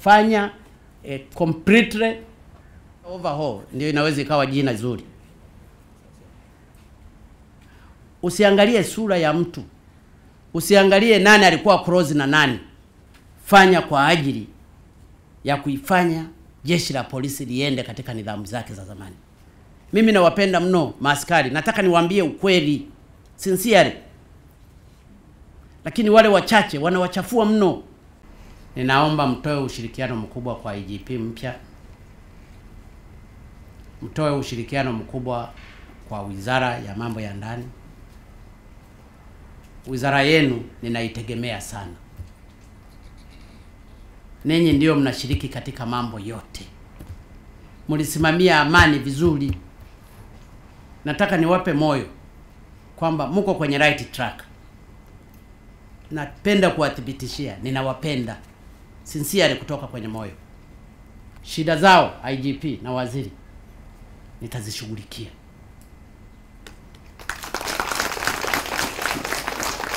fanya eh, complete overhaul, ndio inaweza ikawa jina zuri. Usiangalie sura ya mtu, usiangalie nani alikuwa close na nani. Fanya kwa ajili ya kuifanya jeshi la polisi liende katika nidhamu zake za zamani. Mimi nawapenda mno maaskari, nataka niwaambie ukweli sincerely, lakini wale wachache wanawachafua mno. Ninaomba mtoe ushirikiano mkubwa kwa IGP mpya, mtoe ushirikiano mkubwa kwa wizara ya mambo ya ndani. Wizara yenu ninaitegemea sana, ninyi ndiyo mnashiriki katika mambo yote, mlisimamia amani vizuri. Nataka niwape moyo kwamba mko kwenye right track. Napenda kuwathibitishia ninawapenda sincerely kutoka kwenye moyo. Shida zao IGP na waziri nitazishughulikia,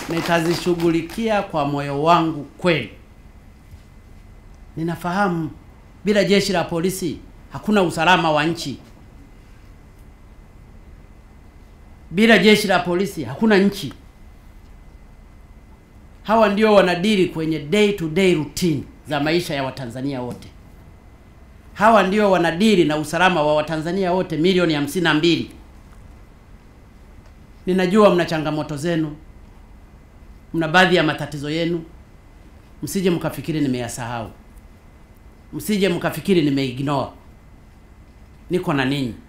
nitazishughulikia kwa moyo wangu kweli. Ninafahamu bila jeshi la polisi hakuna usalama wa nchi. Bila jeshi la polisi hakuna nchi. Hawa ndio wanadiri kwenye day to day routine za maisha ya Watanzania wote. Hawa ndio wanadiri na usalama wa Watanzania wote milioni hamsini na mbili. Ninajua mna changamoto zenu, mna baadhi ya matatizo yenu, msije mkafikiri nimeyasahau, msije mkafikiri nimeignore. Niko na ninyi.